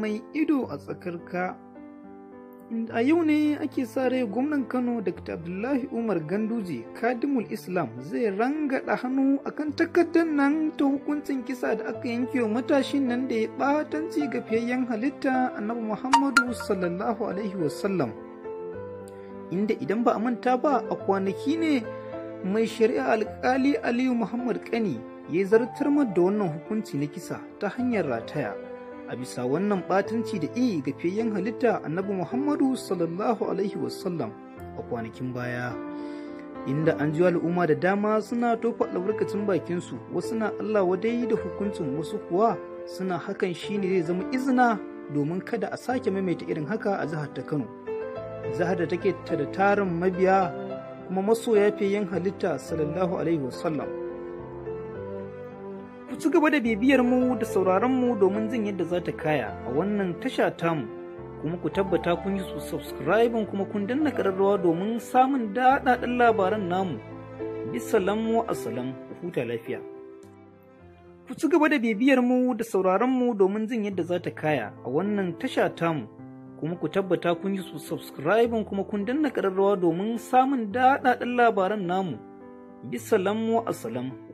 mai ido a tsakarka a yau ne ake sa rai gwamnan kano dr abdullahi umar ganduje kadimul islam zai rangada hannu a kan takardar nan ta hukuncin kisa da aka yanke wa matashin nan da ya batanci ga fiyayyen halitta annabi muhammadu sallallahu alaihi wasallam inda idan ba a manta ba a kwanaki ne mai shari'a alkali aliyu muhammad kani ya zartar da wannan hukunci na kisa ta hanyar rataya a bisa wannan batanci da iri ga fiyayyen halitta annabi muhammadu sallallahu alaihi wasallam a kwanakin baya inda an ji al'umma da dama suna tofa albarkacin bakinsu wasu na allah wadai da hukuncin wasu kuwa suna hakan shine zai zama izina domin kada a sake maimaita irin haka a jihar ta kano jihar da take ta da tarin mabiya kuma masoya fiyan halitta sallallahu alaihi wasallam Ku ci gaba da bibiyar mu da sauraron mu domin jin yadda za ta kaya a wannan tasha tamu. Kuma ku tabbata kun yi subscribe kuma kun danna kararrawa domin samun daɗaɗɗen labaran namu. Bisalamu asalam ku huta lafiya. Ku ci gaba da bibiyar mu da sauraron mu domin jin yadda za ta kaya a wannan tasha tamu. Kuma ku tabbata kun yi subscribe kuma kun danna kararrawa domin samun daɗaɗɗen labaran namu. Bisalamu asalam.